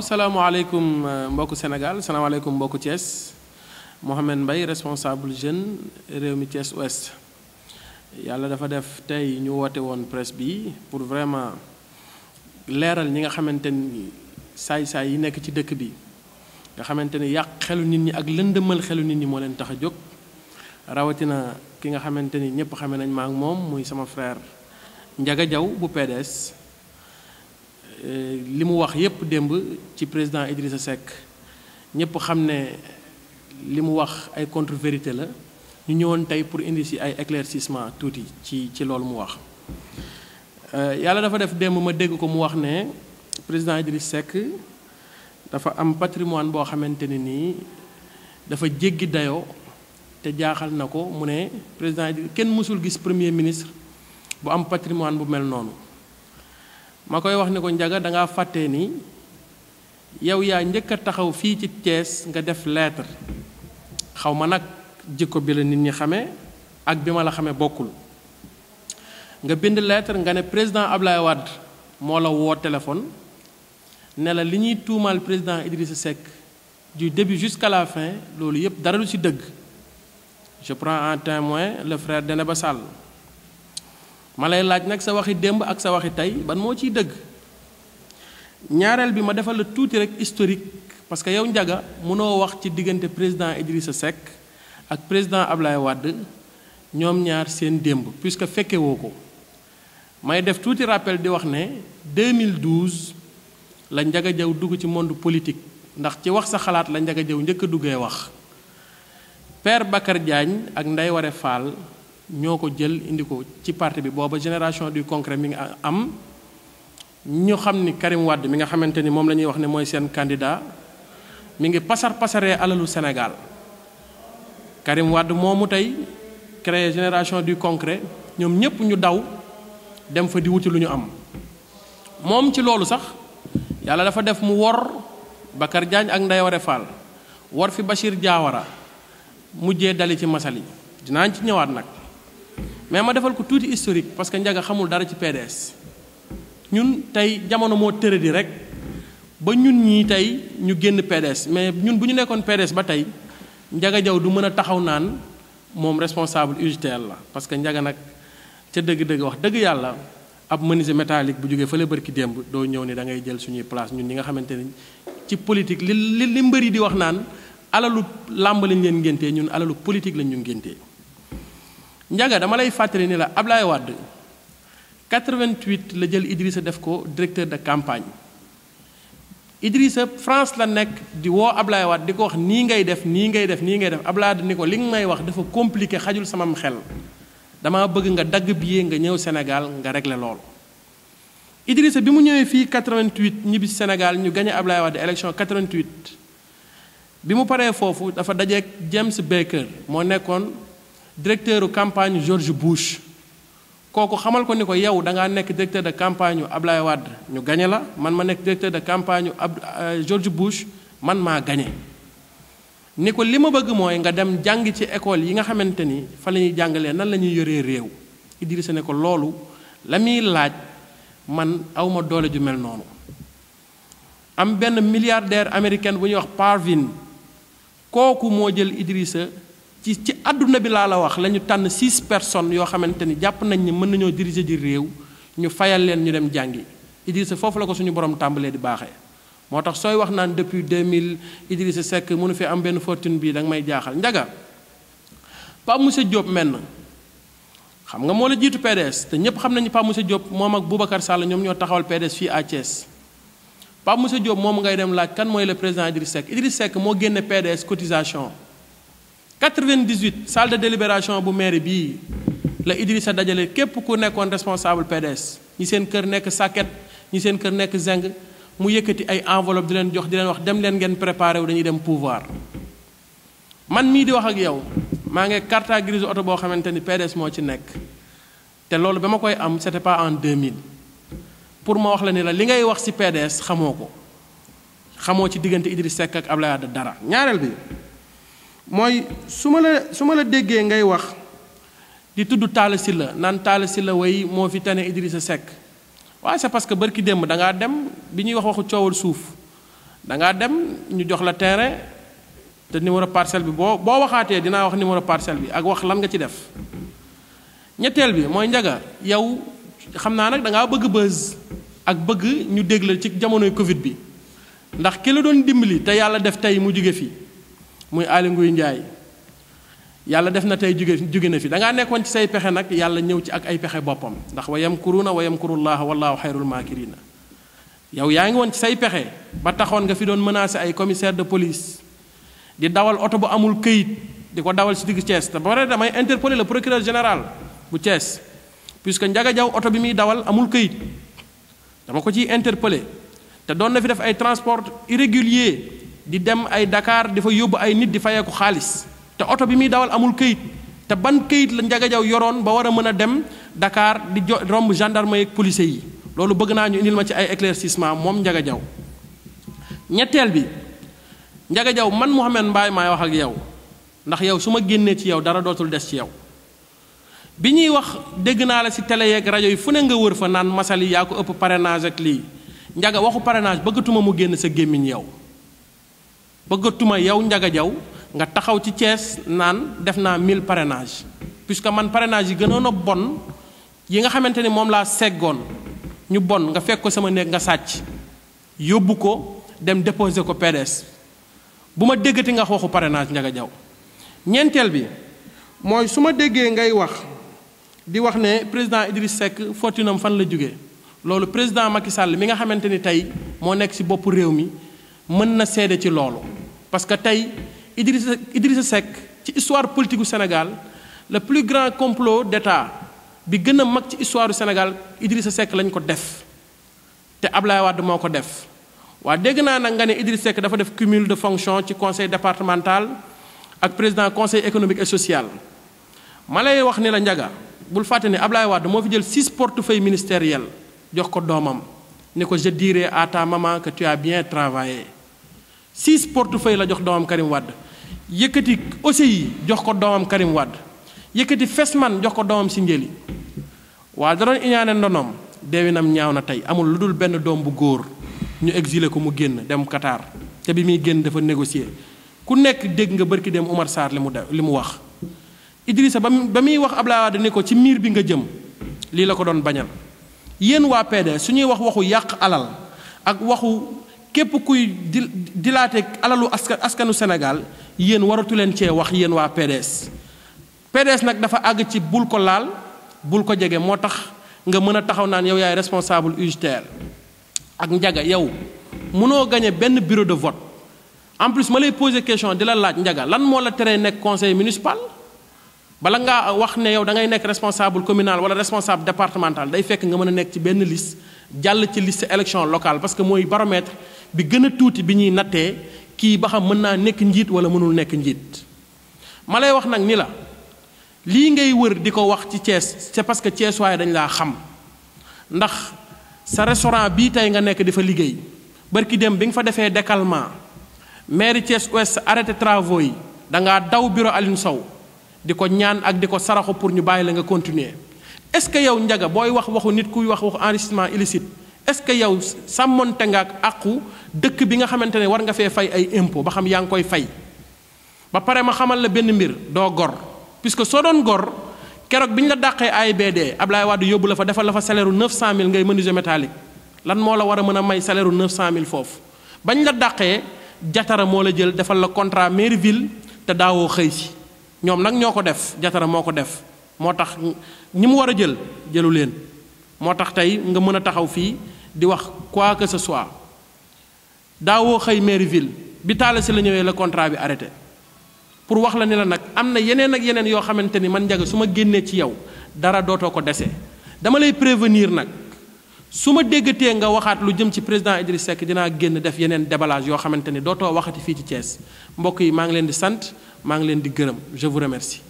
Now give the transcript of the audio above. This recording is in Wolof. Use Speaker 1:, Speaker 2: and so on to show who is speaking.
Speaker 1: Assalamualaikum eh, mbokku Senegal, assalamualaikum mbokku Thiès Mohamed Mbaye responsable jeune réew mi Thiès Ouest yàlla dafa def tey ñu woote woon presse bi pour vraiment leeral ñi nga xamante ni saay-saay yi nekk ci dëkk bi nga xamante ni xelu nit ñi ak lëndëmal xelu nit ñi leen rawatina ki nga xamante ni ñëpp xame nañ ma ak moom muy sama frère Ndiaga Diaw bu PDS. Euh, li mu wax yépp démb ci président Idrissa Seck ñépp xam ne li mu wax ay contre-vérité la ñu ñëwoon tey pour indi si ay éclaircissement tuuti ci ci loolu mu wax euh, yàlla dafa def démb ma dégg ko mu wax ne président Idrissa Seck dafa am patrimoine boo xamante ne nii dafa jéggi dayoo te jaaxal na ko mu ne président kenn mësul gis premier ministre bu am patrimoine bu mel noonu ma koy wax ni ko njaga da fàtte nii yow yaa njëkk a taxaw fii ci Thiès nga def lettre xaw ma nag jikko bi la nit ñi xamee ak bi ma la xamee bokkul nga bind lettre nga ne président Ablaye wàdd moo la woo téléphone ne la li ñuy tuumaal président Idrissa Seck du début jusqu'à la fin loolu yépp dara lu ci dëgg je prends en témoin le frère ba sàll ma lay laaj nag sa waxi démb ak sa waxi tey ban moo ciy dëgg ñaareel bi ma defal la tuuti rek historique parce que yow njaga mënoo wax ci diggante président sa Seck ak président Ablaye Wade ñoom ñaar seen démb puisque fekke woo ko may def tuuti rappel di wax ne 2012 la njaga jaw dugg ci monde politique ndax ci wax sa xalaat la njaga jaw njëkk a duggee wax Père Bakar Diagne ak Ndeye ware Fall ñoo ko jël indi ko ci parti bi booba génération du concret mi ngi am ñu xam ni Karim Wade mi nga xamante ni moom la ñuy wax ne mooy seen candidat mi ngi pasar pasaree alalu Sénégal Karim Wade moomu tey créé génération du concret ñoom ñëpp ñu daw dem fa di wuti lu ñu am mom ci loolu sax yàlla dafa def mu wor Bakar Diagne ak Ndeye Waré Fall war fi Bachir Diawara mujjee dali ci masali dinaa ci ñëwaat nag mais ma defal ko tuuti historique parce que njaga xamul dara ci PDS ñun tey jamono moo tëre di rek ba ñun ñii tey ñu génn PDS mais ñun bu ñu nekkoon PDS ba tey njaga jaw du mën a taxaw naan moom responsable UGTL la parce que njaga nag ca dëgg-dëgg wax dëgg yàlla ab menuisier métallique bu jógee fële barki démb doo ñëw ni da ngay jël suñuy place ñun ñi nga xamante ni ci politique li li li di wax naan alalu làmb lañ leen ngéntee ñun alalu politique lañ ñu ngéntee njaga dama lay fàttali ni la Ablaye Wade 88 la jël Idrissa def ko directeur de campagne Idrissa France la nekk di woo Ablaye Wade di ko wax nii ngay def nii ngay def nii ngay def Ablaye ni ko li nga may wax dafa compliqué xajul samam xel dama bëgg nga dagg billet nga ñëw Sénégal nga régler lool Idrissa bi mu ñëwee fii 88 ñibbi Sénégal ñu gagné Ablaye Wade élection 88 bi mu paree foofu dafa dajeeg James Baker moo nekkoon directeur campagne George Bush kooku xamal ko ni ko yow da ngaa nekk directeur de campagne Ablaye Wade ñu gañe la man ma nekk directeur de campagne ab euh, George Bush man maa gañe ni ko li ma bëgg mooy nga dem jàng ci école yi nga xamante ni fa la ñuy jàngalee nan la ñuy yoree réew Idrissa ne ko loolu la muy laaj man awma doole ju mel noonu am benn milliardaire américain bu ñuy wax Parvin kooku moo jël Idrissa ci ci àdduna bi laa la wax la ñu tànn six personnes yoo xamante ni jàpp nañ ne mën nañoo diriger di réew ñu fayal leen ñu dem jàngi Idrissa foofu la ko suñu borom tàmbalee di baaxee moo tax sooy wax naan depuis 2000 Idrissa Seck mënu fi am benn fortune bii da may jaaxal njaga Pape Moussa Diop menn xam nga moo la jiitu PDS te ñépp xam nañu Pape Moussa Diop moom ak Boubacar Sall ñoom ñoo taxawal PDS fii à Thiès Pape Moussa Diop moom ngay dem laaj kan mooy le président Idrissa Seck Idrissa moo génne PDS cotisation 98 salle de délibération bu maire bi la Idrissa dajale képp ku nekkoon responsable PDS ñi seen kër nekk sàkket ñi seen kër nekk zeng mu yëkkati ay enveloppe di leen jox di leen wax dem leen ngeen préparé wu dañuy dem pouvoir man mii di wax ak yow maa ngi carte grise oto boo xamante ni PDS moo ci nekk te loolu ba ma koy am c'était pas en 2000 pour ma wax la ni la li ngay wax ci PDS xamoo ko xamoo ci diggante Idrissa Seck ak Abdoulaye Wade dara ñaareel bi. moy suma la suma la déggé ngay wax di tuddu Talla Sylla nan Talla Sylla way mo fi tane Idrissa sek wa c'est parce que barki dem da nga dem biñuy wax waxu ciowal souf da nga dem ñu jox la terrain te numéro parcelle bi bo bo waxaatee dina wax numéro parcelle bi ak wax lan nga ci def ñettel bi moy ndaga yow xamna nak da nga bëgg buzz ak bëgg ñu dégg la ci jamono covid bi ndax ki la doon dimbali te yalla def tay mu jóge fi muy Aly Ngouille Ndiaye yàlla def na tey jóge jóge na fi da ngaa nekkoon ci say pexe nag yàlla ñëw ci ak ay pexe boppam ndax wa yamkuruuna wa yamkurullaaha wallaahu xayrul maakiriina yow yaa ngi woon ci say pexe ba taxoon nga fi doon menacé ay commissaire de police di dawal oto bu amul këyit di ko dawal si diggu Thiès te ba pare damay interpeller le procureur général bu Thiès puisque Ndiaga Diaw oto bi muy dawal amul këyit dama ko ci interpeller te doon na fi def ay transport irrégulier di dem ay Dakar dafa yóbbu ay nit di fayeeku xaalis te oto bi muy dawal amul këyit te ban këyit la Ndiaga jaw yoroon ba war a mën a dem dakaar di jo romb gendarme yeeg policier yi loolu bëgg naa ñu indil ma ci ay éclaircissement moom njaga jaw ñetteel bi Ndiaga jaw man Mouhamed mbaay may wax ak yow ndax yow su ma génnee ci yow dara dootul des ci yow bi ñuy wax dégg naa la si télé yeeg rajo yi fu ne nga wër fa naan masali yaa ko ëpp parrainage ak lii Ndiaga waxu parrainage bëggatuma mu génn sa gémmiñ yow bëggatuma yow Ndiaga Diaw nga taxaw ci Thiès naan def naa 1000 parrainage puisque man parrainage yi gënoon a bon yi nga xamante ni moom laa seggoon ñu bon nga fekk ko sama néeg nga sàcc yóbbu ko dem déposer ko PDS bu ma déggati nga waxu parrainage Ndiaga Diaw ñeenteel bi mooy su ma déggee ngay wax di wax ne président Idriss Seck fortunam fan la jóge loolu président Macky Sall mi nga xamante ni tey moo nekk ci boppu réew mi mën na seede ci loolu parce que tay Idrissa Idrissa Seck ci histoire politique du Sénégal le plus grand complot d'État bi gëna a mag ci histoire du Sénégal Idrissa Seck lañ ko def te Ablaye Wade moko def wa dégg naa nag nga ne Idrissa Seck dafa def cumul de fonction ci conseil départemental ak président conseil économique et social malay wax ni la njaga bul fàtte ne Ablaye Wade moo fi jël six portefeuilles ministériels jox ko doomam Ne je dirai à ta maman que tu as bien travaillé six portefeuille la jox doomam Karim wad Wade aussi yi jox ko doomam Karim wad yëkkati Fesman jox ko doomam sinjeli wa da doon iñaane ndonom deewinam ñaaw na tey amul ludul dul benn doom bu góor ñu exilé ko mu génn dem Qatar te bi muy génn dafa négocier ku nekk dégg nga barki dem Omar sar li mu li mu wax Idrissa ba muy wax abla wad ne ko ci mir bi nga jëm lii la ko doon bañal yéen waa PD suñuy wax waxu yàq alal ak waxu képp kuy di dilaate alalu askan askanu Sénégal yéen waratu leen cee wax yéen waa PDS PDS nag dafa àgg ci bul ko laal bul ko jege moo tax nga mën a taxaw naan yow yaay responsable ugtr ak njaga yow mënoo gañe benn bureau de vote en plus ma lay poser question di la laaj lan moo la teree nekk conseil municipal bala ngaa wax ne yow da ngay nekk responsable communal wala responsable départemental day fekk nga mën a nekk ci benn liste jàll ci liste élection locale parce que mooy baromètre bi gëna tuuti bi ñuy nattee ki ba xam mën nekk njiit wala mënul nekk njiit ma lay wax nag ni la lii ngay wër di ko wax ci Thiès c'est parce que Thiès waaye dañ laa xam ndax sa restaurant bii tey nga nekk difa liggéey barki dem bi nga fa defee décalement maire Thiès Ouest arrêté travaux yi da ngaa daw bureau Aline Sow di ko ñaan ak di ko saraxu pour ñu bàyyi la nga continuer est ce que yow njaga booy wax waxu nit kuy wax waxu enrichissement illicite est-ce que yow sàmmonte nga ak àqu dëkk bi nga xamante ne war nga fee fay ay impôt ba xam yaa ngi koy fay ba pare ma xamal la benn mbir doo gor puisque soo doon gor keroog bi ñu la dàqee AIBD Ablaye Wade yóbbu la fa defal la fa salaire u 900000 ngay menuisier métallique lan moo la war a mën a may salaire u 900000 foofu bañ la dàqee jatara moo la jël defal la contrat mairie ville te daawoo xëy si ñoom nag ñoo ko def jatara moo ko def moo tax ñi mu war a jël jëlu leen. moo tax tey nga mën a taxaw fii di wax quoi que sa soit daawoo xëy mairie ville bi taala si la ñëwee la contrat bi arrêté pour wax la ne la nag am na yeneen ak yeneen yoo xamante ni man njaga su ma génnee ci yow dara dootoo ko desee dama lay prévenir nag su ma déggatee nga waxaat lu jëm ci président Idriss Seck dinaa génn def yeneen déballage yoo xamante ni dootoo waxati fii ci Thiès mbokk yi maa ngi leen di sant maa ngi leen di gërëm je vous remercie